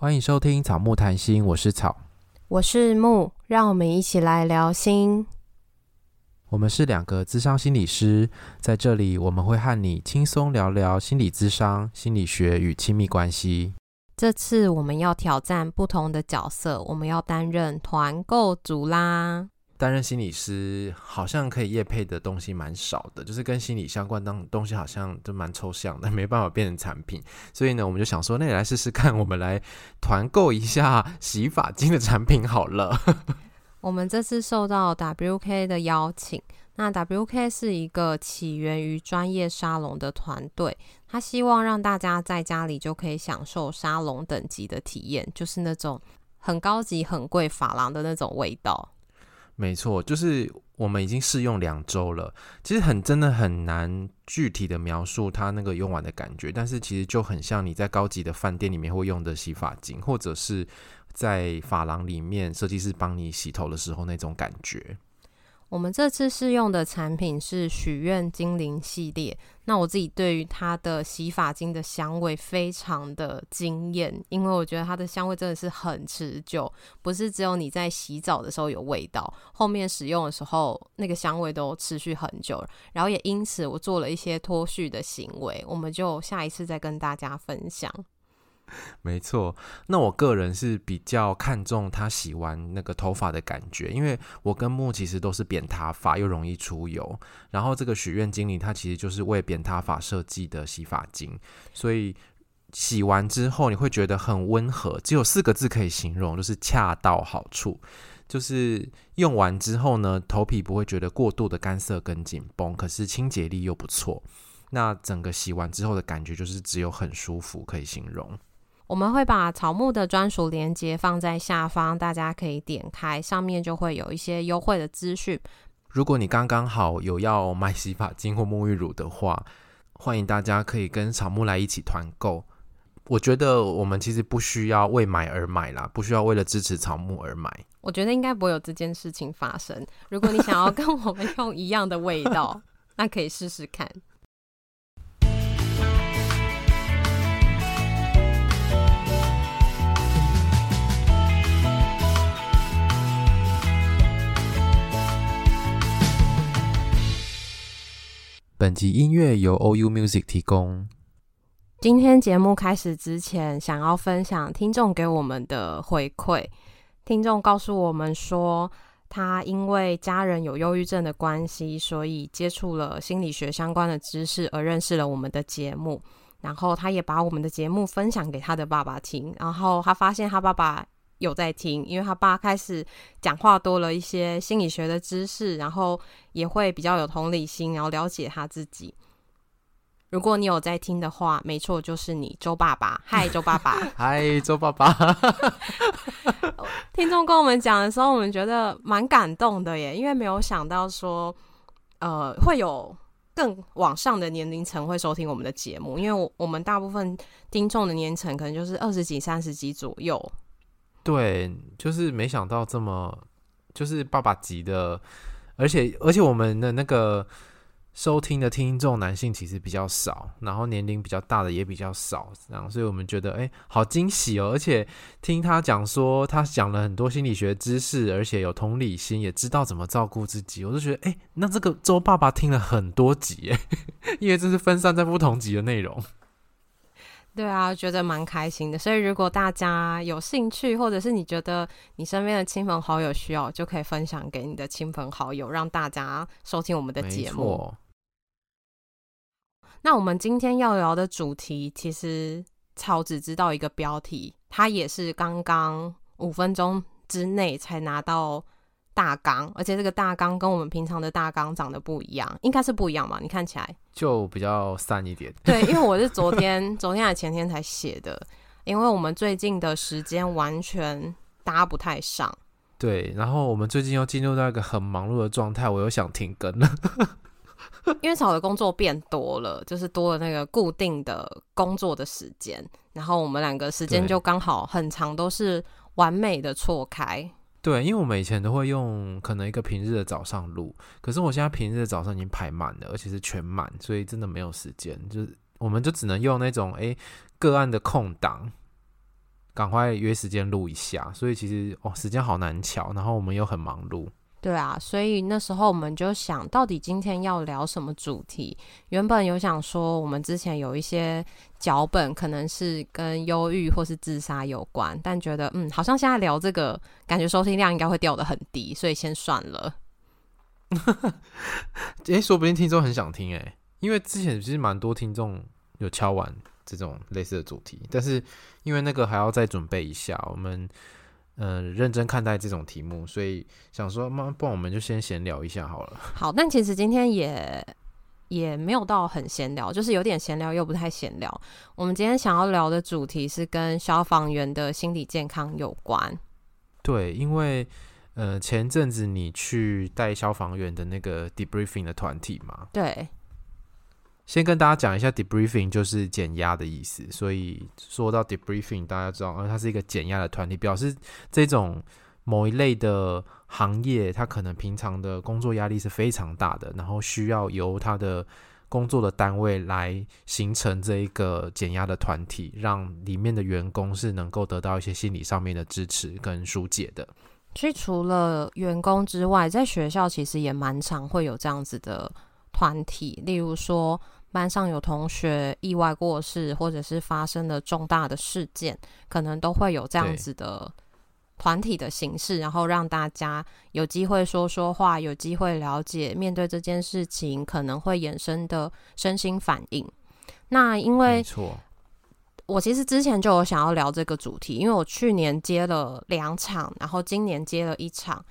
歡迎收聽《草木談心》，我是草，我是木，讓我們一起來聊心。我們是兩個諮商心理師，在這裡我們會和你輕鬆聊聊心理諮商、心理學與親密關係。這次我們要挑戰不同的角色，我們要擔任團購組啦。擔任心理師好像可以業配的東西蠻少的，就是跟心理相關的東西好像都蠻抽象的，沒辦法變成產品。所以呢，我們就想說，那你來試試看，我們來團購一下洗髮精的產品好了。我們這次受到 WK 的邀請，那 WK 是一個起源於專業沙龍的團隊，他希望讓大家在家裡就可以享受沙龍等級的體驗，就是那種很高級、很貴髮廊的那種味道。沒錯，就是我們已經試用兩周了。其實很真的很難具體的描述它那個用完的感覺，但是其實就很像你在高級的飯店裡面會用的洗髮精，或者是在髮廊裡面設計師幫你洗頭的時候那種感覺。我們這次試用的產品是許願精靈系列。那我自己對於它的洗髮精的香味非常的驚豔，因為我覺得它的香味真的是很持久，不是只有你在洗澡的時候有味道，後面使用的時候那個香味都持續很久。然後也因此我做了一些脫序的行為，我們就下一次再跟大家分享。沒錯，那我個人是比較看重他洗完那個頭髮的感覺，因為我跟木其實都是扁塌髮又容易出油，然後這個許願精靈他其實就是為扁塌髮設計的洗髮精，所以洗完之後你會覺得很溫和，只有四個字可以形容，就是恰到好處。就是用完之後呢，頭皮不會覺得過度的乾澀跟緊繃，可是清潔力又不錯。那整個洗完之後的感覺就是只有很舒服可以形容。我們會把草木的專屬鏈接放在下方，大家可以點開，上面就會有一些優惠的資訊。如果你剛剛好有要買洗髮精或沐浴乳的話，歡迎大家可以跟草木來一起團購。我覺得我們其實不需要為買而買啦，不需要為了支持草木而買。我覺得應該不會有這件事情發生。如果你想要跟我們用一樣的味道， 那可以試試看。本集音樂由 O.U Music 提供。今天節目開始之前，想要分享聽眾給我們的回饋。聽眾告訴我們說，他因為家人有憂鬱症的關係，所以接觸了心理學相關的知識，而認識了我們的節目。然後他也把我們的節目分享給他的爸爸聽。然後他發現他爸爸有在聽，因為他爸開始講話多了一些心理學的知識，然後也會比較有同理心，然後了解他自己。如果你有在聽的話，沒錯，就是你，周爸爸。嗨，周爸爸。嗨， 周爸爸。 聽眾跟我們講的時候，我們覺得蠻感動的耶，因為沒有想到說，呃，會有更往上的年齡層會收聽我們的節目，因為我我們大部分聽眾的年齡層可能就是二十幾、三十幾左右。對，就是沒想到這麼，就是爸爸級的，而且而且我們的那個收聽的聽眾男性其實比較少，然後年齡比較大的也比較少，然後所以我們覺得哎，好驚喜哦！而且聽他講說，他講了很多心理學知識，而且有同理心，也知道怎麼照顧自己，我就覺得哎，那這個周爸爸聽了很多集誒，因為這是分散在不同集的內容。對啊，覺得蠻開心的。所以如果大家有興趣，或者是你覺得你身邊的親朋好友需要，就可以分享給你的親朋好友，讓大家收聽我們的節目。沒錯。那我們今天要聊的主題，其實草只知道一個標題，它也是剛剛五分鐘之內才拿到。大綱，而且這個大綱跟我們平常的大綱長得不一樣，應該是不一樣吧？你看起來就比較散一點。對，因為我是昨天、 昨天還是前天才寫的，因為我們最近的時間完全搭不太上。對，然後我們最近又進入到一個很忙碌的狀態，我又想停更了。 因為我的工作變多了，就是多了那個固定的工作的時間，然後我們兩個時間就剛好很長，都是完美的錯開。對，因為我們以前都會用可能一個平日的早上錄，可是我現在平日的早上已經排滿了，而且是全滿，所以真的沒有時間，就是我們就只能用那種，哎，個案的空檔，趕快約時間錄一下。所以其實哦，時間好難搶，然後我們又很忙碌。對啊，所以那時候我們就想到底今天要聊什麼主題？原本有想說我們之前有一些腳本可能是跟憂鬱或是自殺有關，但覺得嗯，好像現在聊這個，感覺收聽量應該會掉得很低，所以先算了。哎、 欸，說不定聽眾很想聽哎，因為之前其實蠻多聽眾有敲完這種類似的主題，但是因為那個還要再準備一下，我們。呃，認真看待這種題目，所以想說，那不然我們就先閒聊一下好了。好，但其實今天也也沒有到很閒聊，就是有點閒聊又不太閒聊。我們今天想要聊的主題是跟消防員的心理健康有關。對，因為呃，前陣子你去帶消防員的那個 debriefing 的團體嘛。對。先跟大家講一下 debriefing，就是減壓的意思。所以說到 debriefing，大家知道，它是一個減壓的團體，表示這種某一類的行業，它可能平常的工作壓力是非常大的，然後需要由它的工作的單位來形成這一個減壓的團體，讓裡面的員工是能夠得到一些心理上面的支持跟疏解的。所以除了員工之外，在學校其實也蠻常會有這樣子的團體，例如說。班上有同學意外過世，或者是發生了重大的事件，可能都會有這樣子的團體的形式，對然後讓大家有機會說說話，有機會了解面對這件事情可能會衍生的身心反應。那因為我其實之前就有想要聊這個主題，因為我去年接了兩場，然後今年接了一場，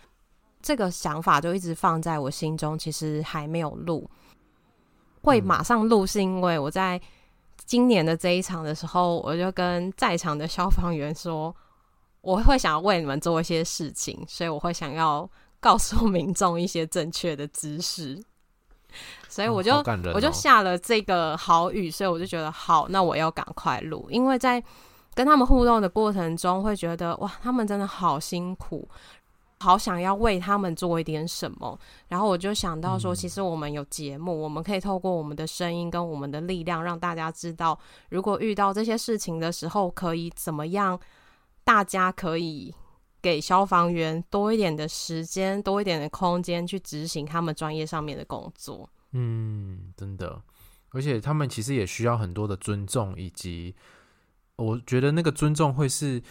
這個想法就一直放在我心中，其實還沒有錄。會馬上錄，是因為我在今年的這一場的時候，我就跟在場的消防員說，我會想要為你們做一些事情，所以我會想要告訴民眾一些正確的知識，所以我就，我就我就下了這個豪語，所以我就覺得好，那我要趕快錄，因為在跟他們互動的過程中，會覺得哇，他們真的好辛苦。好想要為他們做一點什麼，然後我就想到說，其實我們有節目，嗯，我們可以透過我們的聲音跟我們的力量，讓大家知道，如果遇到這些事情的時候，可以怎麼樣？大家可以給消防員多一點的時間，多一點的空間去執行他們專業上面的工作。嗯，真的，而且他們其實也需要很多的尊重，以及我覺得那個尊重會是。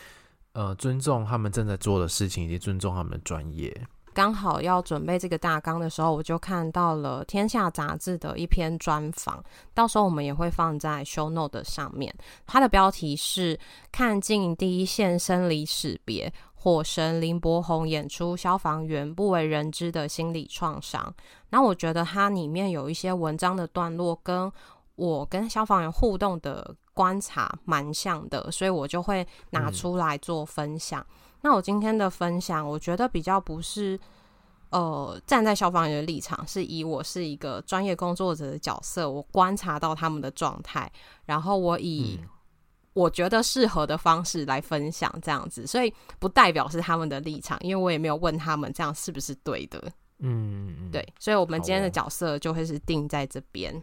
呃，尊重他們正在做的事情，以及尊重他們的專業。剛好要準備這個大綱的時候，我就看到了《天下雜誌》的一篇專訪，到時候我們也會放在 ShowNote 上面。它的標題是《看盡第一線生離死別》，火神林柏宏演出消防員不為人知的心理創傷。那我覺得它裡面有一些文章的段落，跟我跟消防員互動的。觀察蠻像的，所以我就會拿出來做分享。嗯、那我今天的分享，我覺得比較不是呃站在消防員的立場，是以我是一個專業工作者的角色，我觀察到他們的狀態，然後我以我覺得適合的方式來分享這樣子，所以不代表是他們的立場，因為我也沒有問他們這樣是不是對的。嗯，嗯，嗯，對，所以我們今天的角色就會是定在這邊。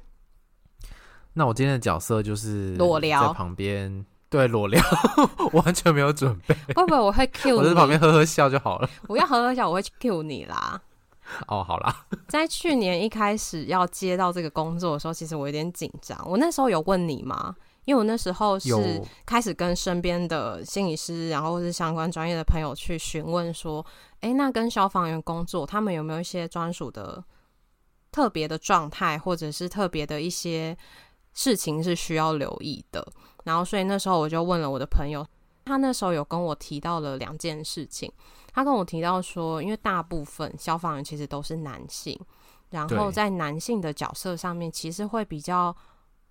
那我今天的角色就是裸聊在旁邊，對裸聊 完全沒有準備，會不會我會 cue 你？我在旁邊呵呵笑就好了。我要呵呵笑，我會去 cue 你啦。哦，好啦。在去年一開始要接到這個工作的時候，其實我有點緊張。我那時候有問你嗎？因為我那時候是開始跟身邊的心理師，然後是相關專業的朋友去詢問說：“誒，那跟消防員工作，他們有沒有一些專屬的、特別的狀態，或者是特別的一些？”事情是需要留意的，然後所以那時候我就問了我的朋友，他那時候有跟我提到了兩件事情，他跟我提到說，因為大部分消防員其實都是男性，然後在男性的角色上面，其實會比較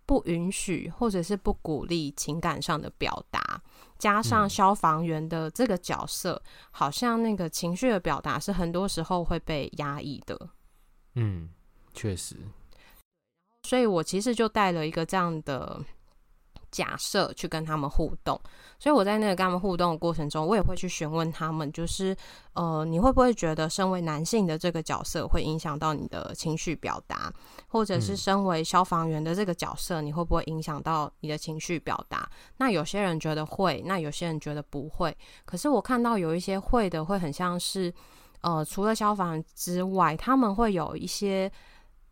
不允許或者是不鼓勵情感上的表達，加上消防員的這個角色，嗯，好像那個情緒的表達是很多時候會被壓抑的，嗯，確實。所以，我其實就帶了一個這樣的假設去跟他們互動。所以我在那個跟他們互動的過程中，我也會去詢問他們，就是呃，你會不會覺得身為男性的這個角色會影響到你的情緒表達，或者是身為消防員的這個角色，你會不會影響到你的情緒表達？嗯、那有些人覺得會，那有些人覺得不會。可是我看到有一些會的，會很像是呃，除了消防之外，他們會有一些。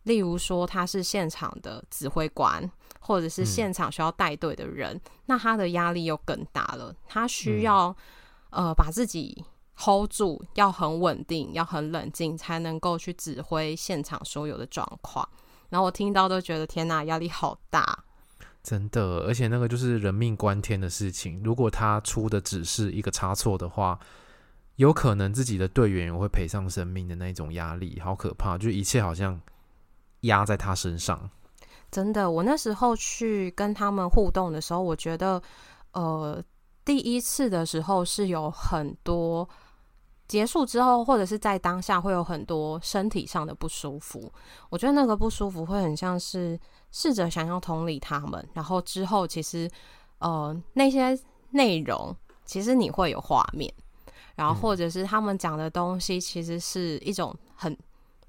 例如說，他是現場的指揮官，或者是現場需要帶隊的人，嗯、那他的壓力又更大了。他需要、嗯、呃把自己 hold 住，要很穩定，要很冷靜，才能夠去指揮現場所有的狀況。然後我聽到都覺得天哪、啊，壓力好大，真的。而且那個就是人命關天的事情，如果他出的只是一個差錯的話，有可能自己的隊員也會賠上生命的那種壓力，好可怕。就一切好像。壓在他身上，真的。我那時候去跟他們互動的時候，我覺得，呃，第一次的時候是有很多結束之後，或者是在當下會有很多身體上的不舒服。我覺得那個不舒服會很像是試着想要同理他們，然後之後其實，呃，那些內容其實你會有畫面，然後或者是他們講的東西，其實是一種很。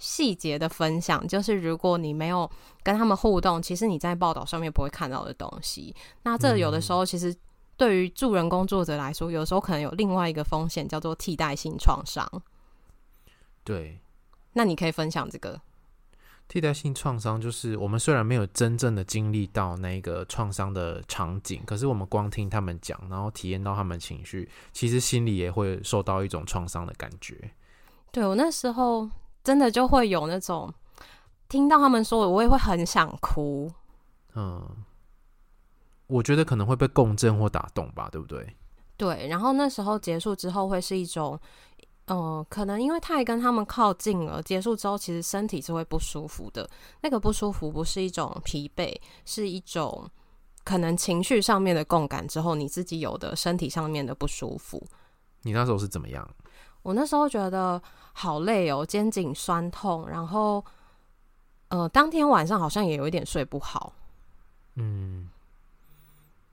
細節的分享，就是如果你沒有跟他們互動，其實你在報道上面不會看到的東西。那這有的時候，其實對於助人工作者來說，嗯，有時候可能有另外一個風險，叫做替代性創傷。對，那你可以分享這個替代性創傷，就是我們雖然沒有真正的經歷到那個創傷的場景，可是我們光聽他們講，然後體驗到他們情緒，其實心裡也會受到一種創傷的感覺。對，我那時候。真的就會有那種聽到他們說，我也會很想哭。嗯，我覺得可能會被共振或打動吧，對不對？對。然後那時候結束之後，會是一種，嗯，可能因為太跟他們靠近了，結束之後其實身體是會不舒服的。那個不舒服不是一種疲憊，是一種可能情緒上面的共感之後，你自己有的身體上面的不舒服。你那時候是怎麼樣？我那時候覺得，好累哦，肩頸痠痛，然後，呃，當天晚上好像也有一點睡不好，嗯，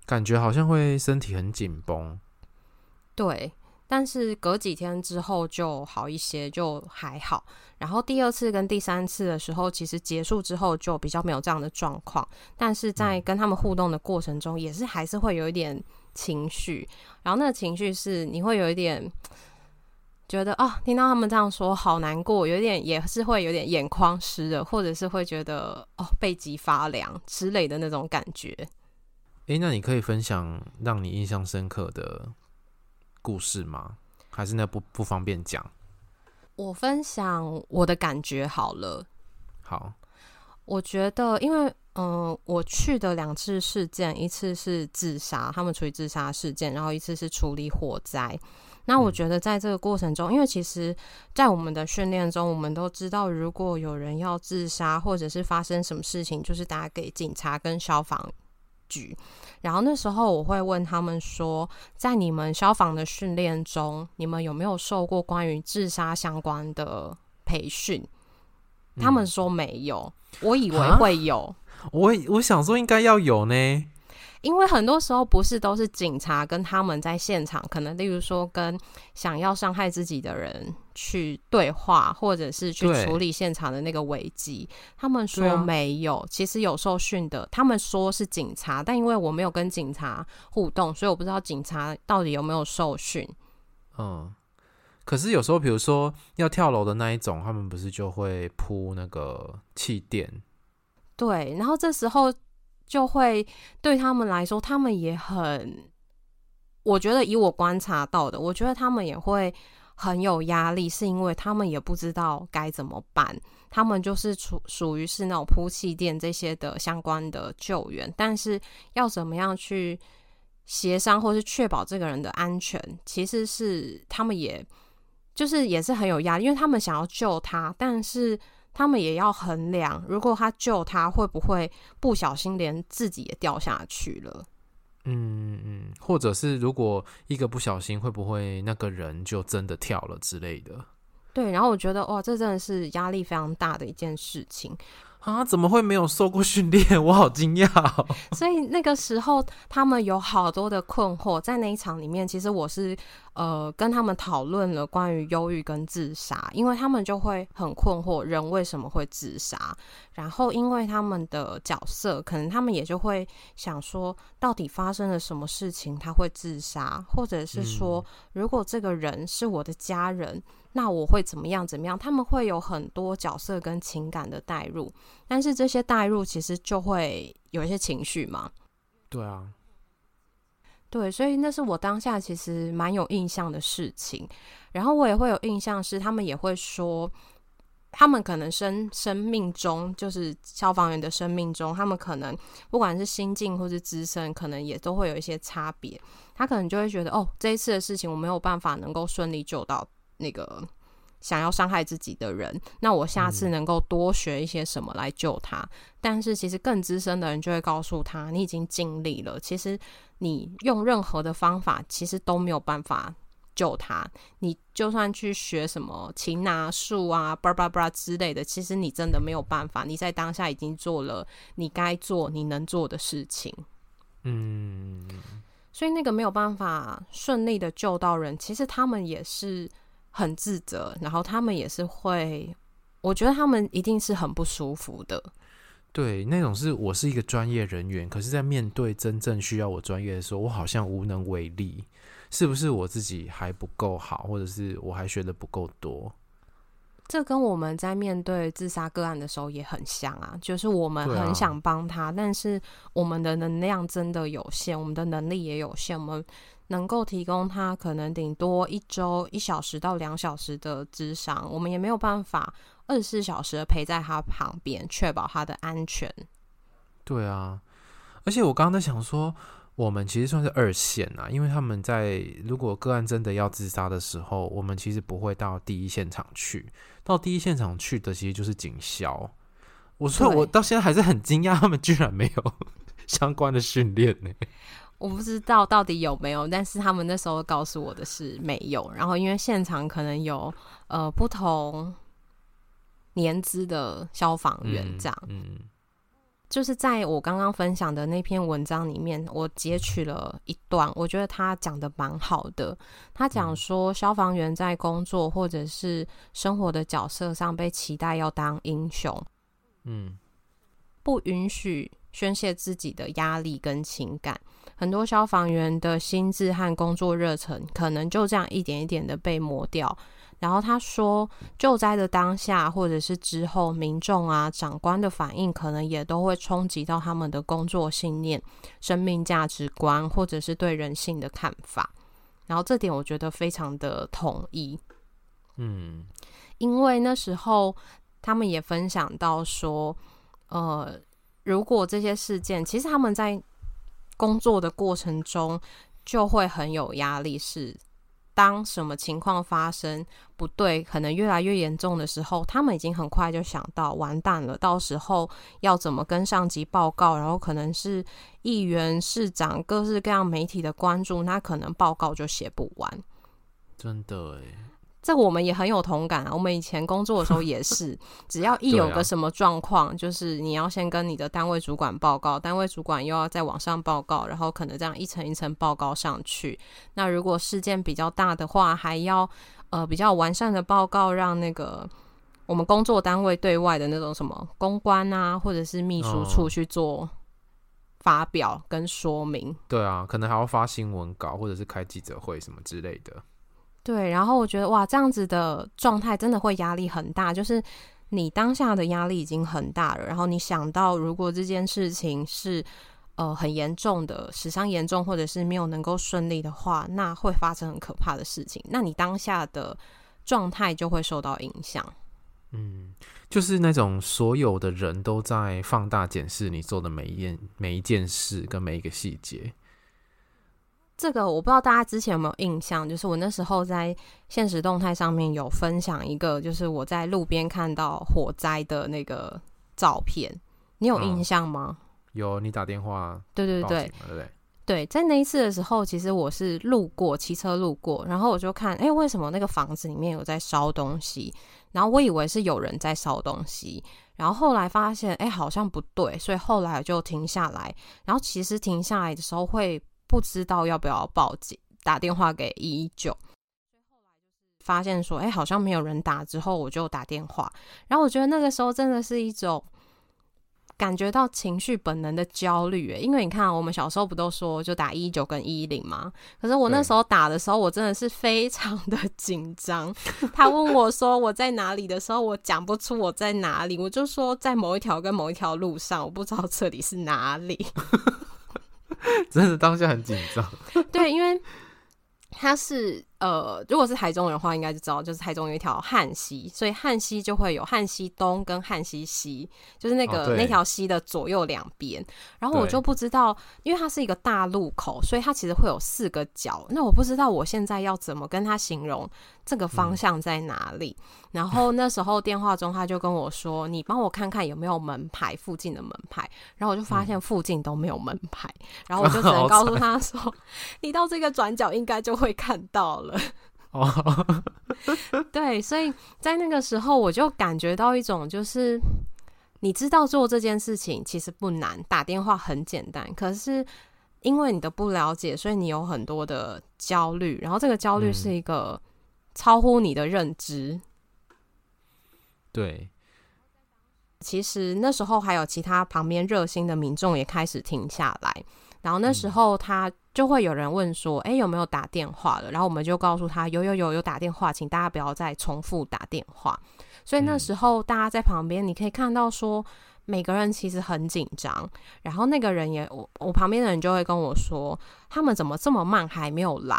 感覺好像會身體很緊繃，對，但是隔幾天之後就好一些，就還好。然後第二次跟第三次的時候，其實結束之後就比較沒有這樣的狀況，但是在跟他們互動的過程中，也是還是會有一點情緒，然後那個情緒是你會有一點。覺得啊、哦，聽到他們這樣說，好難過，有點也是會有點眼眶濕的，或者是會覺得哦背脊發涼之類的那種感覺。誒、欸，那你可以分享讓你印象深刻的故事嗎？還是那不不方便講？我分享我的感覺好了。好，我覺得因為嗯、呃，我去的兩次事件，一次是自殺，他們處理自殺事件，然後一次是處理火災。那我覺得在這個過程中，嗯、因為其實在我們的訓練中，我們都知道，如果有人要自殺或者是發生什麼事情，就是打給警察跟消防局。然後那時候我會問他們說，在你們消防的訓練中，你們有沒有受過關於自殺相關的培訓？嗯、他們說沒有，我以為會有，啊、我我想說應該要有呢。因為很多時候不是都是警察跟他們在現場，可能例如說跟想要傷害自己的人去對話，或者是去處理現場的那個危機。對他們說沒有，啊，其實有受訓的。他們說是警察，但因為我沒有跟警察互動，所以我不知道警察到底有沒有受訓。嗯，可是有時候，比如說要跳樓的那一種，他們不是就會鋪那個氣墊？對，然後這時候。就會對他們，來說他們也很，我覺得以我觀察到的，我覺得他們也會很有壓力，是因為他們也不知道該怎麼辦。他們就是屬屬於是那種鋪氣墊這些的相關的救援，但是要怎麼樣去協商或是確保這個人的安全，其實是他們也就是也是很有壓力，因為他們想要救他，但是。他們也要衡量，如果他救他，會不會不小心連自己也掉下去了？嗯嗯，或者是如果一個不小心，會不會那個人就真的跳了之類的？對，然後我覺得哇，這真的是壓力非常大的一件事情啊！怎麼會沒有受過訓練？我好驚訝。所以那個時候，他們有好多的困惑。在那一場裡面，其實我是。呃，跟他們討論了關於憂鬱跟自殺，因為他們就會很困惑，人為什麼會自殺？然後因為他們的角色，可能他們也就會想說，到底發生了什麼事情，他會自殺？或者是說，嗯、如果這個人是我的家人，那我會怎麼樣？怎麼樣？他們會有很多角色跟情感的代入，但是這些代入其實就會有一些情緒嘛。對啊。對，所以那是我當下其實蠻有印象的事情。然後我也會有印象是，他們也會說，他們可能生生命中，就是消防員的生命中，他們可能不管是心境或是資深，可能也都會有一些差別。他可能就會覺得，哦，這一次的事情我沒有辦法能夠順利救到那個。想要傷害自己的人，那我下次能夠多學一些什麼來救他？嗯、但是其實更資深的人就會告訴他，你已經盡力了。其實你用任何的方法，其實都沒有辦法救他。你就算去學什麼擒拿術啊、巴拉巴拉之類的，其實你真的沒有辦法。你在當下已經做了你該做、你能做的事情。嗯，所以那個沒有辦法順利的救到人，其實他們也是。很自責，然後他們也是會，我覺得他們一定是很不舒服的。對，那種是我是一個專業人員，可是在面對真正需要我專業的時候，我好像無能為力，是不是我自己還不夠好，或者是我還學的不夠多？這跟我們在面對自殺個案的時候也很像啊，就是我們很想幫他，啊，但是我們的能量真的有限，我們的能力也有限，我們。能夠提供他可能頂多一周一小時到兩小時的諮商，我們也沒有辦法二十四小時陪在他旁邊，確保他的安全。對啊，而且我剛剛在想說，我們其實算是二線啊，因為他們在如果個案真的要自殺的時候，我們其實不會到第一現場去，到第一現場去的其實就是警消。我說對我到現在還是很驚訝，他們居然沒有 相關的訓練呢。我不知道到底有沒有，但是他們那時候告訴我的是沒有。然後，因為現場可能有呃不同年資的消防員，這樣，嗯嗯，就是在我剛剛分享的那篇文章裡面，我截取了一段，我覺得他講的蠻好的。他講說，消防員在工作或者是生活的角色上被期待要當英雄，嗯，不允許宣泄自己的壓力跟情感。很多消防員的心智和工作熱忱，可能就這樣一點一點的被磨掉。然後他說，救災的當下或者是之後，民眾啊、長官的反應，可能也都會衝擊到他們的工作信念、生命價值觀，或者是對人性的看法。然後這點我覺得非常的統一同意。嗯，因為那時候他們也分享到說，呃，如果這些事件，其實他們在。工作的過程中就會很有壓力，是當什麼情況發生不對，可能越來越嚴重的時候，他們已經很快就想到完蛋了，到時候要怎麼跟上級報告，然後可能是議員、市長、各式各樣媒體的關注，那可能報告就寫不完。真的哎。這個我們也很有同感、啊。我們以前工作的時候也是， 只要一有個什麼狀況，啊、就是你要先跟你的單位主管報告，單位主管又要再往上報告，然後可能這樣一層一層報告上去。那如果事件比較大的話，還要呃比較完善的報告，讓那個我們工作單位對外的那種什麼公關啊，或者是秘書處去做發表跟說明、嗯。對啊，可能還要發新聞稿，或者是開記者會什麼之類的。對，然後我覺得哇，這樣子的狀態真的會壓力很大。就是你當下的壓力已經很大了，然後你想到如果這件事情是呃很嚴重的、死傷嚴重，或者是沒有能夠順利的話，那會發生很可怕的事情。那你當下的狀態就會受到影響。嗯，就是那種所有的人都在放大檢視你做的每一件每一件事跟每一個細節。這個我不知道大家之前有沒有印象，就是我那時候在現實動態上面有分享一個，就是我在路邊看到火災的那個照片，你有印象嗎？嗯、有，你打電話。對對對對對，對，在那一次的時候，其實我是路過，騎車路過，然後我就看，哎、欸，為什麼那個房子裡面有在燒東西？然後我以為是有人在燒東西，然後後來發現，哎、欸，好像不對，所以後來我就停下來。然後其實停下來的時候會。不知道要不要，要報警，打電話給一一九。後來就是發現說，哎、欸，好像沒有人打。之後我就打電話，然後我覺得那個時候真的是一種感覺到情緒本能的焦慮。因為你看，我們小時候不都說就打一一九跟一一零嗎？可是我那時候打的時候，對我真的是非常的緊張。他問我說我在哪裡的時候， 我講不出我在哪裡，我就說在某一條跟某一條路上，我不知道這裡是哪裡。 真的當下很緊張，對，因為他是呃，如果是台中人的話，應該就知道，就是台中有一條漢溪，所以漢溪就會有漢溪東跟漢溪西，就是那個那條溪的左右兩邊。哦，然後我就不知道，因為它是一個大路口，所以它其實會有四個角。那我不知道我現在要怎麼跟他形容。這個方向在哪裡？嗯、然後那時候電話中他就跟我說：“嗯、你幫我看看有沒有門牌附近的門牌。”然後我就發現附近都沒有門牌，嗯、然後我就只能告訴他說：“ 慘你到這個轉角應該就會看到了。”哦，對，所以在那個時候我就感覺到一種，就是你知道做這件事情其實不難，打電話很簡單，可是因為你的不了解，所以你有很多的焦慮，然後這個焦慮是一個。超乎你的認知，對。其實那時候還有其他旁邊熱心的民眾也開始停下來，然後那時候他就會有人問說：“哎、嗯欸，有沒有打電話了？”然後我們就告訴他：“有有有有打電話，請大家不要再重複打電話。”所以那時候大家在旁邊，你可以看到說、嗯、每個人其實很緊張。然後那個人也我我旁邊的人就會跟我說：“他們怎麼這麼慢，還沒有來？”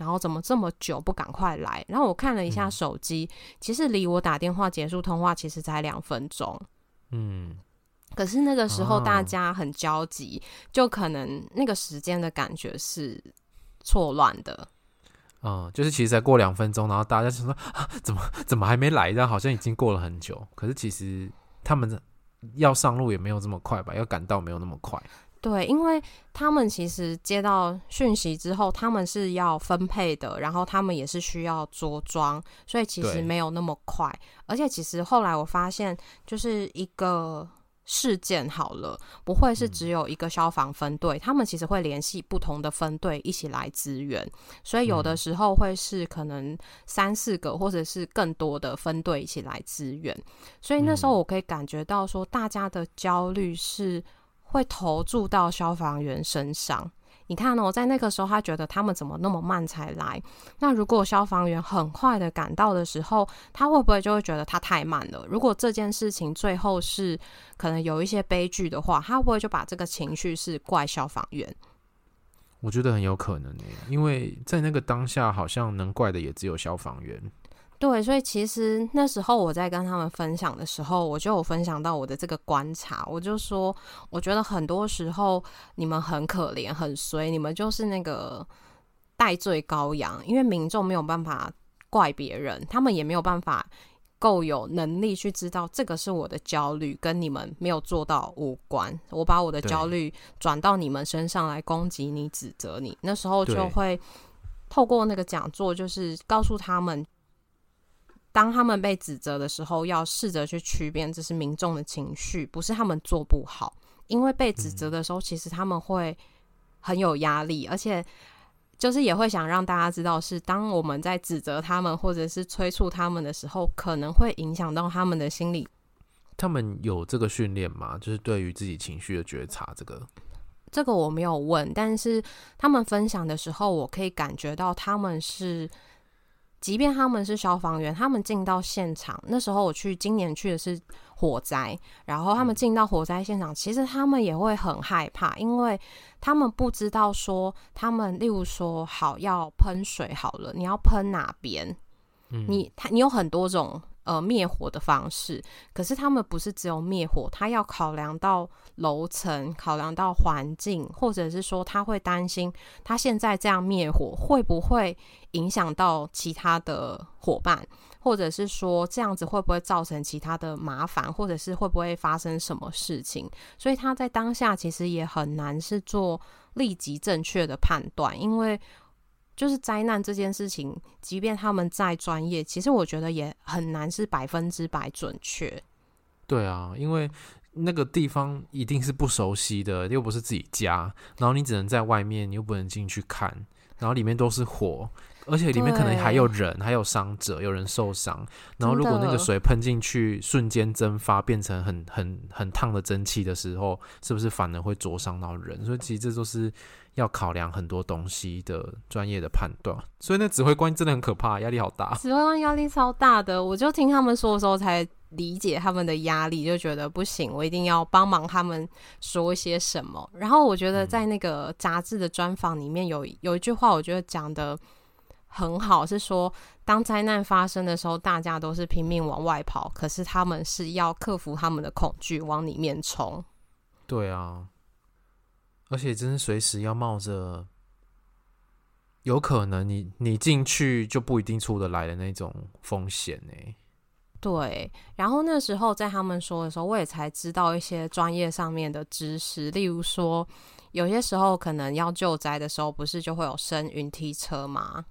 然後怎麼這麼久不趕快來？然後我看了一下手機，嗯、其實離我打電話結束通話其實才兩分鐘。嗯，可是那個時候大家很焦急，哦、就可能那個時間的感覺是錯亂的。嗯，就是其實才過兩分鐘，然後大家就說啊，怎麼怎麼還沒來？但好像已經過了很久。可是其實他們要上路也沒有這麼快吧？要趕到沒有那麼快。對，因為他們其實接到訊息之後，他們是要分配的，然後他們也是需要着裝，所以其實沒有那麼快。對而且，其實後來我發現，就是一個事件好了，不會是只有一個消防分隊，嗯、他們其實會聯繫不同的分隊一起來支援，所以有的時候會是可能三四個或者是更多的分隊一起來支援。所以那時候我可以感覺到說，大家的焦慮是會投注到消防員身上。你看呢？我在那個時候，他覺得他們怎麼那麼慢才來？那如果消防員很快的趕到的時候，他會不會就會覺得他太慢了？如果這件事情最後是可能有一些悲劇的話，他會不會就把這個情緒是怪消防員？我覺得很有可能的欸，因為在那個當下，好像能怪的也只有消防員。對，所以其實那時候我在跟他們分享的時候，我就有分享到我的這個觀察，我就說，我覺得很多時候你們很可憐、很衰，你們就是那個代罪羔羊，因為民眾沒有辦法怪別人，他們也沒有辦法夠有能力去知道這個是我的焦慮，跟你們沒有做到無關。我把我的焦慮轉到你們身上來攻擊你、指責你，那時候就會透過那個講座，就是告訴他們。當他們被指責的時候，要試着去區辨這是民眾的情緒，不是他們做不好。因為被指責的時候，其實他們會很有壓力，嗯、而且就是也會想讓大家知道是，是當我們在指責他們或者是催促他們的時候，可能會影響到他們的心理。他們有這個訓練嗎？就是對於自己情緒的覺察，這個這個我沒有問，但是他們分享的時候，我可以感覺到他們是。即便他們是消防員，他們進到現場，那時候我去，今年去的是火災，然後他們進到火災現場，其實他們也會很害怕，因為他們不知道說，他們例如說好要噴水好了，你要噴哪邊？嗯，你他你有很多種。呃，滅火的方式，可是他們不是只有滅火，他要考量到樓層，考量到環境，或者是說他會擔心他現在這樣滅火會不會影響到其他的夥伴，或者是說這樣子會不會造成其他的麻煩，或者是會不會發生什麼事情。所以他在當下其實也很難是做立即正確的判斷，因為。就是災難這件事情，即便他們再專業，其實我覺得也很難是百分之百準確。對啊，因為那個地方一定是不熟悉的，又不是自己家，然後你只能在外面，你又不能進去看，然後裡面都是火，而且裡面可能還有人，對還有傷者，有人受傷。然後如果那個水噴進去，瞬間蒸發，變成很很很燙的蒸汽的時候，是不是反而會灼傷到人？所以其實這就是。要考量很多東西的專業的判斷，所以那指揮官真的很可怕，壓力好大。指揮官壓力超大的，我就聽他們說的時候才理解他們的壓力，就覺得不行，我一定要幫忙他們說一些什麼。然後我覺得在那個雜誌的專訪裡面有、嗯、有一句話，我覺得講得很好，是說當災難發生的時候，大家都是拼命往外跑，可是他們是要克服他們的恐懼，往裡面衝。對啊。而且真是隨時要冒着，有可能你你進去就不一定出得來的那種風險呢、欸。對，然後那時候在他們說的時候，我也才知道一些專業上面的知識，例如說有些時候可能要救災的時候，不是就會有升雲梯車嗎？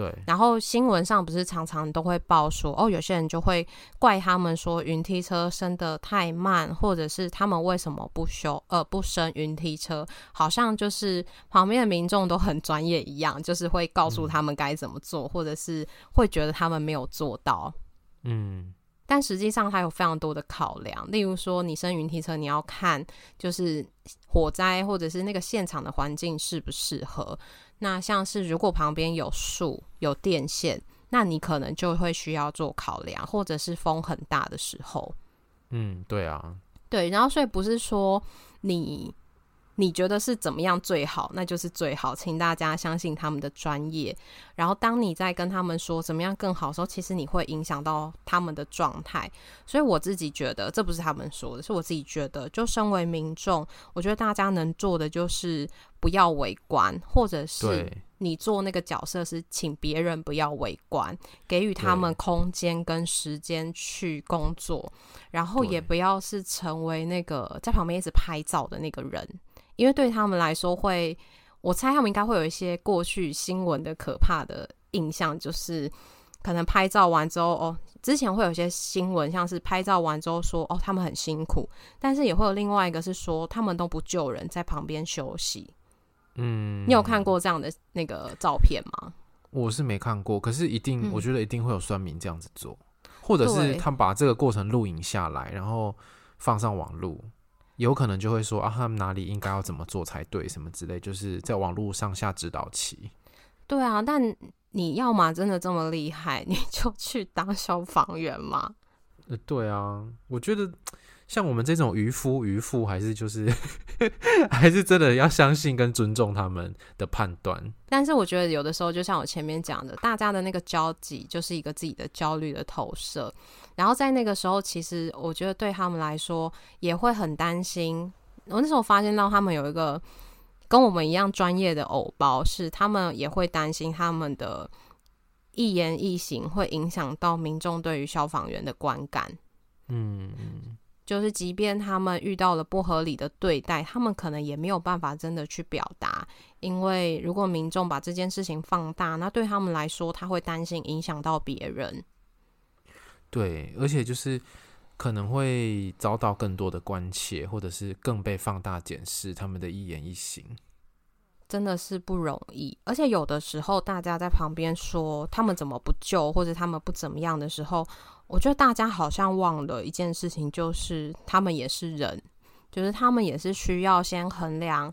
對，然後新聞上不是常常都會報說，哦，有些人就會怪他們說雲梯車升得太慢，或者是他們為什麼不修呃，不升雲梯車，好像就是旁邊的民眾都很專業一樣，就是會告訴他們該怎麼做，嗯、或者是會覺得他們沒有做到。嗯，但實際上它有非常多的考量，例如說你升雲梯車，你要看就是火災或者是那個現場的環境適不適合。那像是如果旁邊有樹、有電線，那你可能就會需要做考量，或者是風很大的時候。嗯，對啊，對，然後所以不是說你。你覺得是怎麼樣最好，那就是最好，請大家相信他們的專業。然後，當你在跟他們說怎麼樣更好的時候，其實你會影響到他們的狀態。所以，我自己覺得這不是他們說的，是我自己覺得。就身為民眾，我覺得大家能做的就是不要圍觀，或者是你做那個角色是請別人不要圍觀，給予他們空間跟時間去工作，然後也不要是成為那個在旁邊一直拍照的那個人。因為對他們來說，會，我猜他們應該會有一些過去新聞的可怕的印象，就是可能拍照完之後，哦，之前會有一些新聞，像是拍照完之後說，哦，他們很辛苦，但是也會有另外一個是說，他們都不救人，在旁邊休息。嗯，你有看過這樣的那個照片嗎？我是沒看過，可是一定，我覺得一定會有酸民這樣子做，嗯、或者是他們把這個過程錄影下來，然後放上網路。有可能就會說啊，他們哪裡應該要怎麼做才對，什麼之類，就是在網絡上下指導棋。對啊，但你要嘛真的這麼厲害，你就去當消防員嘛。呃，對啊，我覺得像我們這種漁夫，漁婦還是就是 還是真的要相信跟尊重他們的判斷。但是我覺得有的時候，就像我前面講的，大家的那個交集就是一個自己的焦慮的投射。然後在那個時候，其實我覺得對他們來說也會很擔心。我那時候發現到他們有一個跟我們一樣專業的偶包，是他們也會擔心他們的一言一行會影響到民眾對於消防員的觀感。嗯，就是即便他們遇到了不合理的對待，他們可能也沒有辦法真的去表達，因為如果民眾把這件事情放大，那對他們來說，他會擔心影響到別人。對，而且就是可能會遭到更多的關切，或者是更被放大檢視他們的一言一行，真的是不容易。而且有的時候，大家在旁邊說他們怎麼不救，或者他們不怎麼樣的時候，我覺得大家好像忘了一件事情，就是他們也是人，就是他們也是需要先衡量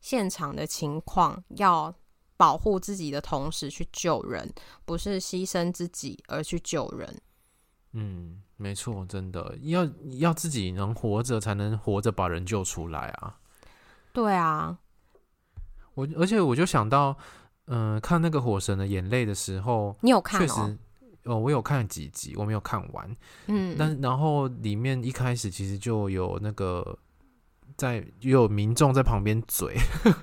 現場的情況，要保護自己的同時去救人，不是犧牲自己而去救人。嗯，沒錯，真的要要自己能活着，才能活着把人救出來啊！對啊，我而且我就想到，嗯、呃，看那個《火神的眼淚》的時候，你有看喔？確實、呃，我有看了幾集，我沒有看完。嗯，但然後裡面一開始其實就有那個在有民眾在旁邊嘴，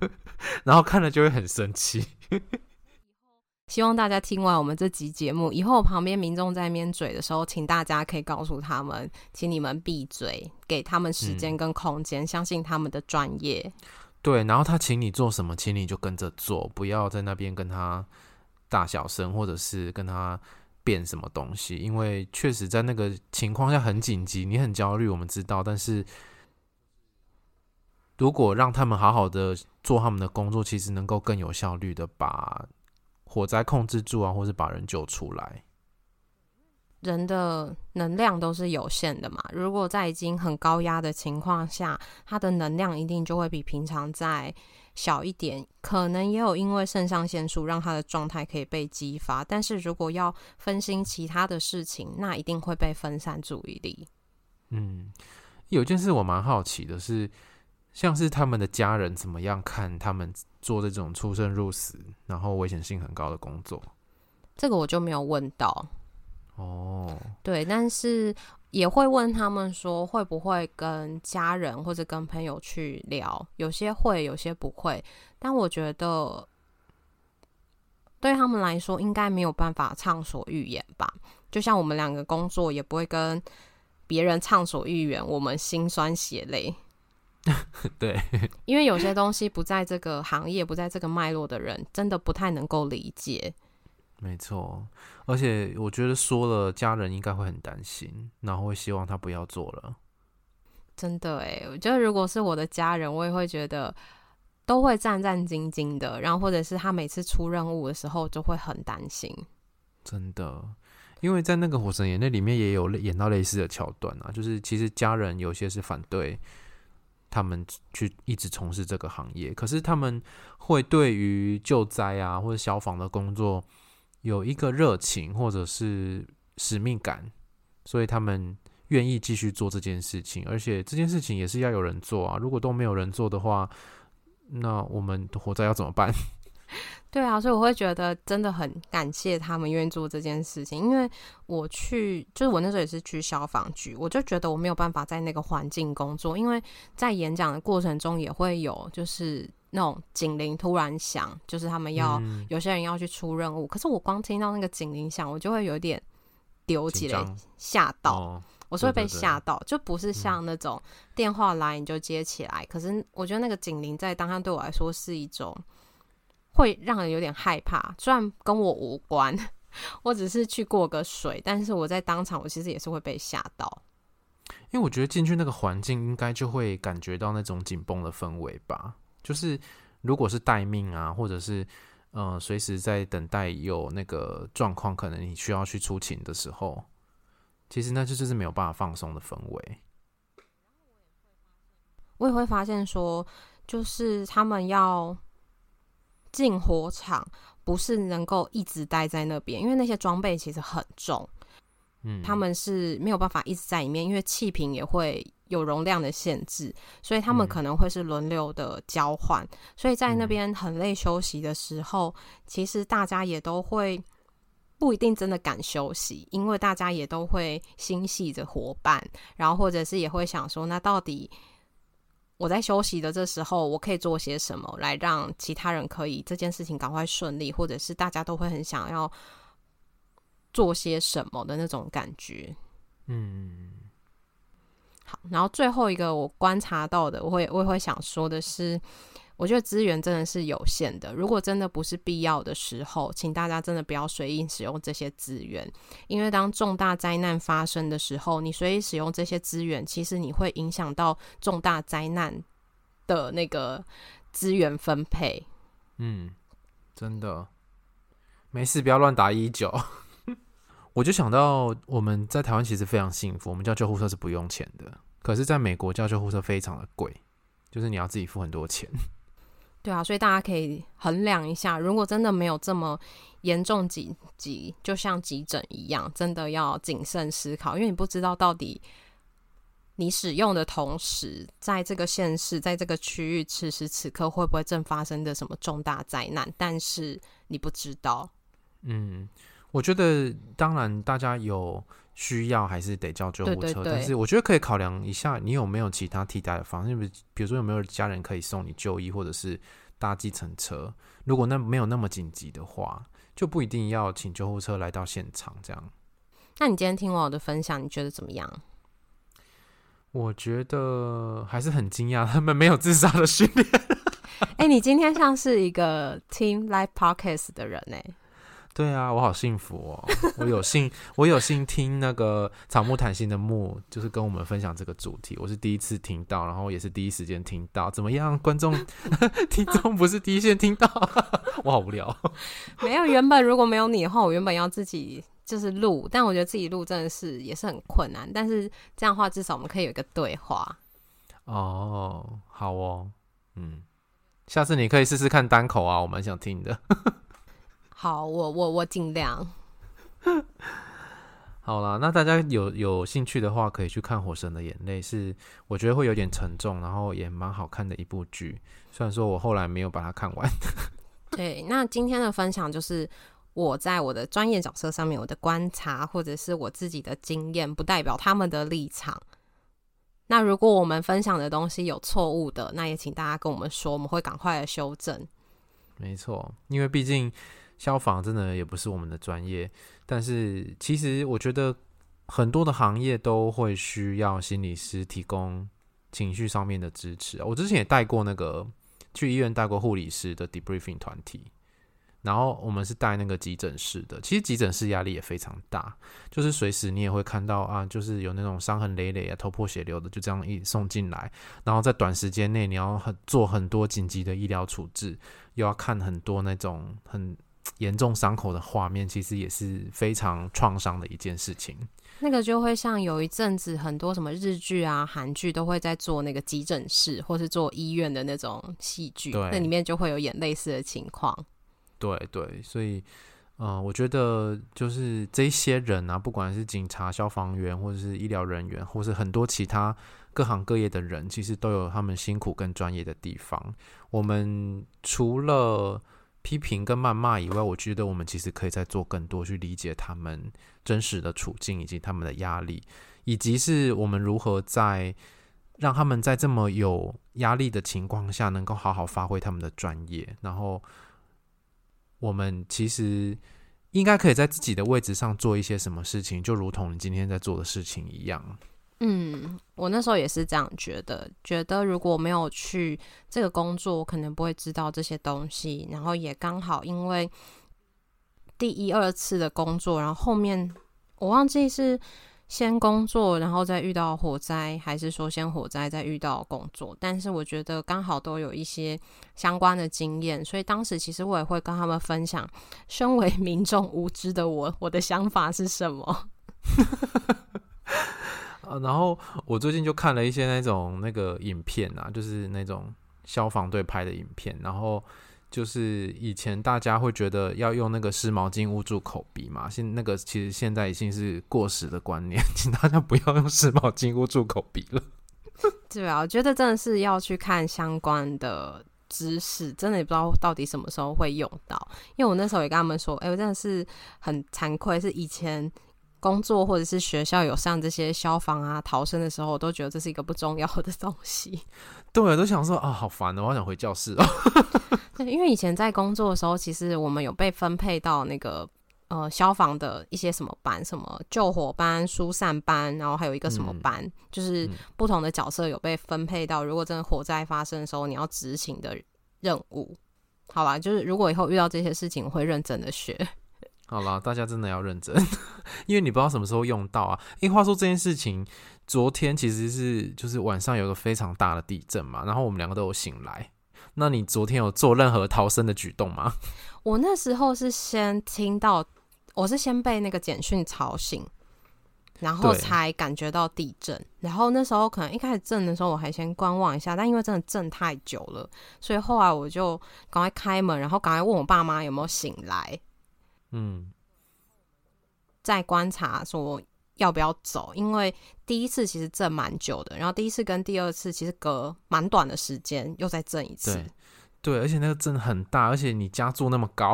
然後看了就會很生氣。 希望大家聽完我們這集節目以後，旁邊民眾在那邊嘴的時候，請大家可以告訴他們，請你們閉嘴，給他們時間跟空間，嗯、相信他們的專業。對，然後他請你做什麼，請你就跟着做，不要在那邊跟他大小聲，或者是跟他辯什麼東西。因為確實在那個情況下很緊急，你很焦慮，我們知道。但是如果讓他們好好的做他們的工作，其實能夠更有效率的把。火災控制住啊，或是把人救出來。人的能量都是有限的嘛，如果在已經很高壓的情況下，他的能量一定就會比平常再小一點。可能也有因為腎上腺素讓他的狀態可以被激發，但是如果要分心其他的事情，那一定會被分散注意力。嗯，有一件事我蠻好奇的是。像是他們的家人怎麼樣看他們做這種出生入死、然後危險性很高的工作？這個我就沒有問到哦。Oh. 對，但是也會問他們說會不會跟家人或者跟朋友去聊？有些會，有些不會。但我覺得對他們來說，應該沒有辦法暢所欲言吧。就像我們兩個工作，也不會跟別人暢所欲言，我們心酸血淚。 對，因為有些東西不在這個行業、不在這個脈絡的人，真的不太能夠理解。沒錯，而且我覺得說了，家人應該會很擔心，然後會希望他不要做了。真的哎，我覺得如果是我的家人，我也會覺得都會戰戰兢兢的，然後或者是他每次出任務的時候就會很擔心。真的，因為在那個《火神眼》那裡面也有演到類似的橋段啊，就是其實家人有些是反對。他們去一直從事這個行業，可是他們會對於救災啊或者消防的工作有一個熱情或者是使命感，所以他們願意繼續做這件事情。而且這件事情也是要有人做啊，如果都沒有人做的話，那我們的火災要怎麼辦？對啊，所以我會覺得真的很感謝他們願意做這件事情。因為我去，就是我那時候也是去消防局，我就覺得我沒有辦法在那個環境工作，因為在演講的過程中也會有就是那種警鈴突然響，就是他們要有些人要去出任務，嗯、可是我光聽到那個警鈴響，我就會有點丟起來，緊張、嚇到，哦、我是會被嚇到，對對對，就不是像那種電話來你就接起來，嗯、可是我覺得那個警鈴在當下對我來說是一種。會讓人有點害怕，雖然跟我無關，我只是去過個水，但是我在當場，我其實也是會被嚇到。因為我覺得進去那個環境，應該就會感覺到那種緊繃的氛圍吧。就是如果是待命啊，或者是嗯，隨時在等待有那個狀況，可能你需要去出勤的時候，其實那就就是沒有辦法放鬆的氛圍。我也會發現說，就是他們要。進火場不是能夠一直待在那邊，因為那些裝備其實很重，嗯，他們是沒有辦法一直在裡面，因為氣瓶也會有容量的限制，所以他們可能會是輪流的交換。嗯、所以在那邊很累，休息的時候，嗯、其實大家也都會不一定真的敢休息，因為大家也都會心繫着夥伴，然後或者是也會想說，那到底。我在休息的這時候，我可以做些什麼來讓其他人可以這件事情趕快順利，或者是大家都會很想要做些什麼的那種感覺。嗯，好。然後最後一個我觀察到的，我會我也會想說的是。我覺得資源真的是有限的。如果真的不是必要的時候，請大家真的不要隨意使用這些資源，因為當重大災難發生的時候，你隨意使用這些資源，其實你會影響到重大災難的那個資源分配。嗯，真的沒事，不要亂打119。 我就想到我們在台灣其實非常幸福，我們叫救護車是不用錢的。可是，在美國叫救護車非常的貴，就是你要自己付很多錢。對啊，所以大家可以衡量一下，如果真的沒有這麼嚴重、緊急，就像急診一樣，真的要謹慎思考，因為你不知道到底你使用的同時，在這個縣市、在這個區域、此時此刻，會不會正發生著什麼重大災難，但是你不知道。嗯，我覺得當然，大家有。需要還是得叫救護車，對對對，但是我覺得可以考量一下，你有沒有其他替代的方式？比如，比如說有沒有家人可以送你就醫，或者是搭計程車？如果那沒有那麼緊急的話，就不一定要請救護車來到現場。這樣。那你今天聽完我的分享，你覺得怎麼樣？我覺得還是很驚訝，他們沒有自殺的訓練。哎、 欸，你今天像是一個聽 Life Podcast 的人哎、欸。對啊，我好幸福哦！我有幸， 我有幸聽那個草木談心的木，就是跟我們分享這個主題。我是第一次聽到，然後也是第一時間聽到。怎麼樣，觀眾聽眾不是第一線聽到， 我好無聊。沒有，原本如果沒有你的話，我原本要自己就是錄，但我覺得自己錄真的是也是很困難。但是這樣的話，至少我們可以有一個對話。哦，好哦，嗯，下次你可以試試看單口啊，我蠻想聽的。好，我我我盡量。 好了，那大家有有興趣的話，可以去看《火神的眼淚》，是，我覺得會有點沉重，然後也蠻好看的一部劇。雖然說我後來沒有把它看完。 對，那今天的分享就是我在我的專業角色上面我的觀察或者是我自己的經驗，不代表他們的立場。那如果我們分享的東西有錯誤的，那也請大家跟我們說，我們會趕快的修正。沒錯，因為畢竟。消防真的也不是我們的專業，但是其實我覺得很多的行業都會需要心理師提供情緒上面的支持。我之前也帶過那個去醫院帶過護理師的 debriefing 團體，然後我們是帶那個急診室的。其實急診室壓力也非常大，就是隨時你也會看到啊，就是有那種傷痕累累啊、頭破血流的，就這樣一送進來，然後在短時間內你要很做很多緊急的醫療處置，又要看很多那種很嚴重傷口的畫面，其實也是非常創傷的一件事情。那個就會像有一陣子，很多什麼日劇啊、韓劇都會在做那個急診室，或是做醫院的那種戲劇，對那裡面就會有演類似的情況。對對，所以，呃，我覺得就是這些人啊，不管是警察、消防員，或者是醫療人員，或是很多其他各行各業的人，其實都有他們辛苦跟專業的地方。我們除了批評跟謾罵以外，我覺得我們其實可以再做更多，去理解他們真實的處境，以及他們的壓力，以及是我們如何在讓他們在這麼有壓力的情況下，能夠好好發揮他們的專業。然後，我們其實應該可以在自己的位置上做一些什麼事情，就如同你今天在做的事情一樣。嗯，我那時候也是這樣覺得，覺得如果沒有去這個工作，我可能不會知道這些東西。然後也剛好因為第一、二次的工作，然後後面我忘記是先工作，然後再遇到火災，還是說先火災再遇到工作。但是我覺得剛好都有一些相關的經驗，所以當時其實我也會跟他們分享，身為民眾無知的我，我的想法是什麼。 啊、呃，然後我最近就看了一些那種那個影片，啊，就是那種消防隊拍的影片，然後就是以前大家會覺得要用那個濕毛巾捂住口鼻嘛，現那個其實現在已經是過時的觀念，請大家不要用濕毛巾捂住口鼻了。 對啊，我覺得真的是要去看相關的知識，真的也不知道到底什麼時候會用到，因為我那時候也跟他們說，哎，我真的是很慚愧，是以前。工作或者是學校有上這些消防啊逃生的時候，我都覺得這是一個不重要的東西。對，我都想說啊，哦，好煩哦，我好想回教室哦 。因為以前在工作的時候，其實我們有被分配到那個呃消防的一些什麼班，什麼救火班、疏散班，然後還有一個什麼班，嗯，就是不同的角色有被分配到。嗯，如果真的火災發生的時候，你要執行的任務，好吧，就是如果以後遇到這些事情，我會認真的學。好啦，大家真的要認真，因為你不知道什麼時候用到啊。為、欸、話說這件事情，昨天其實是就是晚上有一個非常大的地震嘛，然後我們兩個都有醒來。那你昨天有做任何逃生的舉動嗎？我那時候是先聽到，我是先被那個簡訊吵醒，然後才感覺到地震。對然後那時候可能一開始震的時候，我還先觀望一下，但因為真的震太久了，所以後來我就趕快開門，然後趕快問我爸媽有沒有醒來。嗯，在觀察說要不要走，因為第一次其實震蠻久的，然後第一次跟第二次其實隔蠻短的時間又再震一次對，對，而且那個震很大，而且你家住那麼高，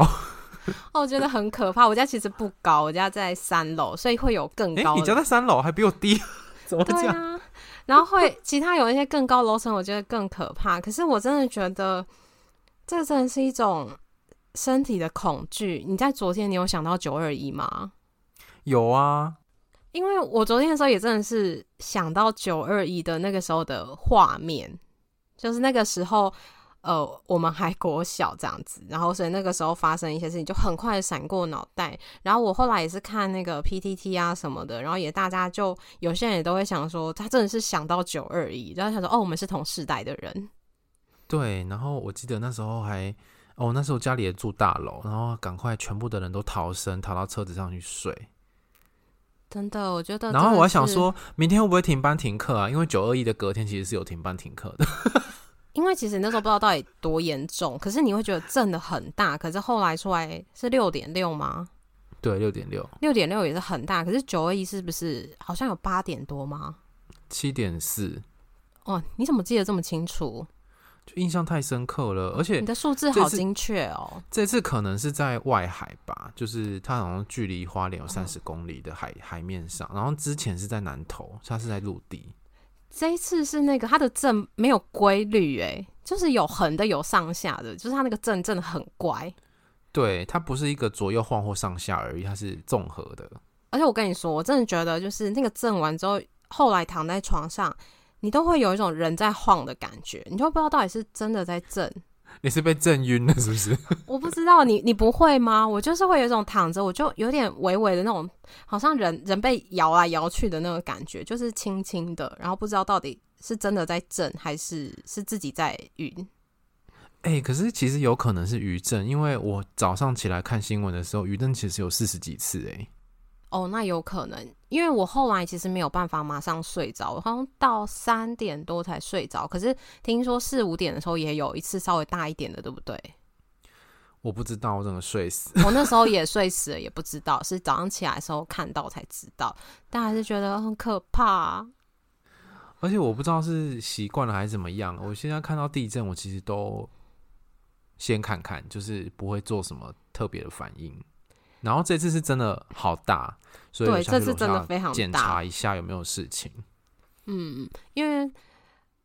哦， 我覺得很可怕。我家其實不高，我家在三樓，所以會有更高的。欸、你家在三樓還比我低， 怎麼會這樣對、啊、然後會其他有一些更高樓層，我覺得更可怕。可是我真的覺得，這真的是一種。身體的恐懼，你在昨天你有想到九二一嗎？有啊，因為我昨天的時候也真的是想到九二一的那個時候的畫面，就是那個時候，呃，我們還國小這樣子，然後所以那個時候發生一些事情就很快閃過腦袋，然後我後來也是看那個 PTT 啊什麼的，然後也大家就有些人也都會想說，他真的是想到九二一，然後想說哦，我們是同世代的人，對，然後我記得那時候還。哦，那時候家裡也住大樓，然後趕快全部的人都逃生，逃到車子上去睡。真的，我覺得。然後我還想說，明天會不會停班停課啊？因為九二一的隔天其實是有停班停課的。因為其實你那時候不知道到底多嚴重， 可是你會覺得震得很大。可是後來出來是六點六嗎？對，六點六，六點六也是很大。可是九二一是不是好像有八點多嗎？七點四。哦，你怎麼記得這麼清楚？就印象太深刻了，而且你的數字好精確哦這。這次可能是在外海吧，就是它好像距離花蓮有三十公里的海、嗯、海面上，然後之前是在南投，它是在陸地。這一次是那個它的震沒有規律、欸，哎，就是有橫的，有上下的，就是它那個震震很怪。對，它不是一個左右晃或上下而已，它是綜合的。而且我跟你說，我真的覺得就是那個震完之後，後來躺在床上。你都會有一種人在晃的感覺，你就不知道到底是真的在震，你是被震暈了是不是？我不知道你，你你不會嗎？我就是會有一種躺着，我就有點微微的那種，好像人人被搖來搖去的那種感覺，就是輕輕的，然後不知道到底是真的在震還是是自己在暈。哎，可是其實有可能是餘震，因為我早上起來看新聞的時候，餘震其實有四十幾次哎。哦，那有可能，因為我後來其實沒有辦法馬上睡着，我好像到三點多才睡着。可是聽說四五點的時候也有一次稍微大一點的，對不對？我不知道我怎麼睡死，我、哦、那時候也睡死了， 也不知道是早上起來的時候看到才知道，但還是覺得很可怕、啊。而且我不知道是習慣了還是怎麼樣，我現在看到地震，我其實都先看看，就是不會做什麼特別的反應。然後這次是真的好大，所以這次真的非常大。檢查一下有沒有事情。嗯嗯，因為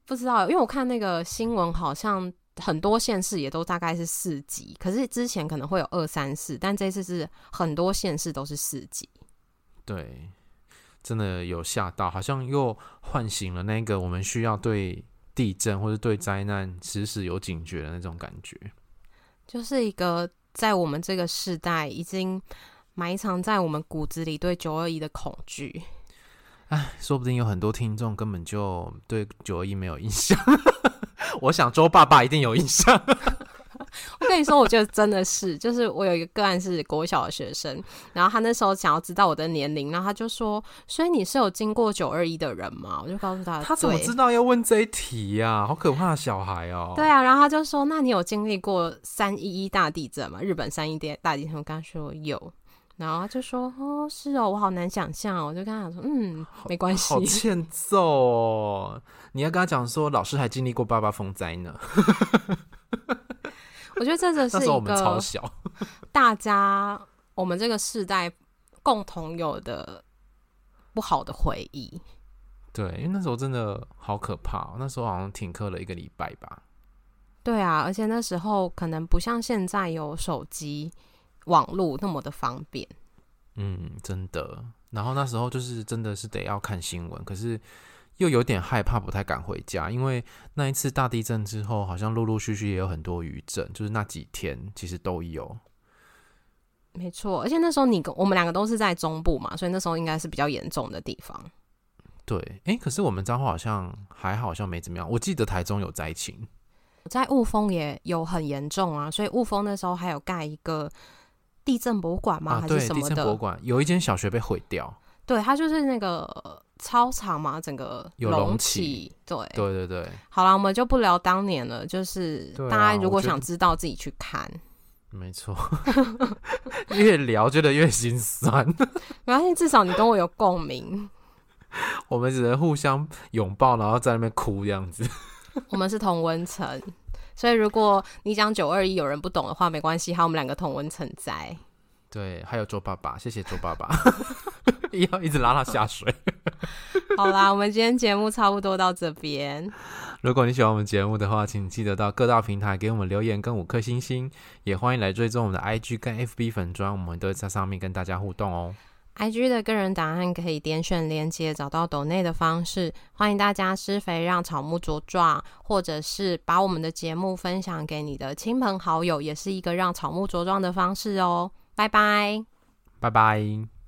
不知道，因為我看那個新聞，好像很多縣市也都大概是四級，可是之前可能會有二三四，但這次是很多縣市都是四級。對，真的有嚇到，好像又喚醒了那個我們需要對地震或是對災難時時有警覺的那種感覺。就是一個。在我們這個世代，已經埋藏在我們骨子裡對九二一的恐懼。哎，說不定有很多聽眾根本就對九二一沒有印象。 我想周爸爸一定有印象。 我跟你說，我覺得真的是，就是我有一個個案是國小的學生，然後他那時候想要知道我的年齡，然後他就說：“所以你是有經過九二一的人嗎？”我就告訴他：“他怎麼對知道要問這一題呀、啊？好可怕，小孩哦、喔！”對啊，然後他就說：“那你有經歷過三一一大地震嗎？”日本三一一大地震，我跟他說有，然後他就說：“哦，是哦，我好難想象、哦。”我就跟他說：“嗯，沒關係。好”好欠揍、哦！你要跟他講說，老師還經歷過八八風災呢。 我覺得這真的是一個大家我們這個世代共同有的不好的回憶。 對，因為那時候真的好可怕哦，那時候好像停課了一個禮拜吧。對啊，而且那時候可能不像現在有手機網絡那麼的方便。嗯，真的。然後那時候就是真的是得要看新聞，可是。又有點害怕，不太敢回家，因為那一次大地震之後，好像陸陸續續也有很多餘震，就是那幾天其實都有。沒錯，而且那時候你跟我們兩個都是在中部嘛，所以那時候應該是比較嚴重的地方。對，哎、欸，可是我們彰化好像還好，好像沒怎麼樣。我記得台中有災情，在霧峰也有很嚴重啊，所以霧峰那時候還有蓋一個地震博物館嗎？啊、還是什麼的。地震博物館有一間小學被毀掉，對，它就是那個。超長嘛，整個隆起，有隆起，對，對對對。好了，我們就不聊當年了。就是、啊、大家如果想知道，自己去看。沒錯錯， 越聊覺得越心酸。沒關係，至少你跟我有共鳴。 我們只能互相擁抱，然後在那邊哭這樣子。我們是同溫層，所以如果你講九二一有人不懂的話，沒關係，還有我們兩個同溫層在。對，還有周爸爸，謝謝周爸爸。 要一直拉他下水 。 好啦，我們今天節目差不多到這邊。 如果你喜歡我們節目的話，請記得到各大平台給我們留言跟五顆星星。也歡迎來追蹤我們的 IG 跟 FB 粉專，我們都會在上面跟大家互動哦。IG 的個人檔案可以點選連結找到抖內的方式。歡迎大家施肥，讓草木茁壯，或者是把我們的節目分享給你的親朋好友，也是一個讓草木茁壯的方式哦。拜拜，拜拜。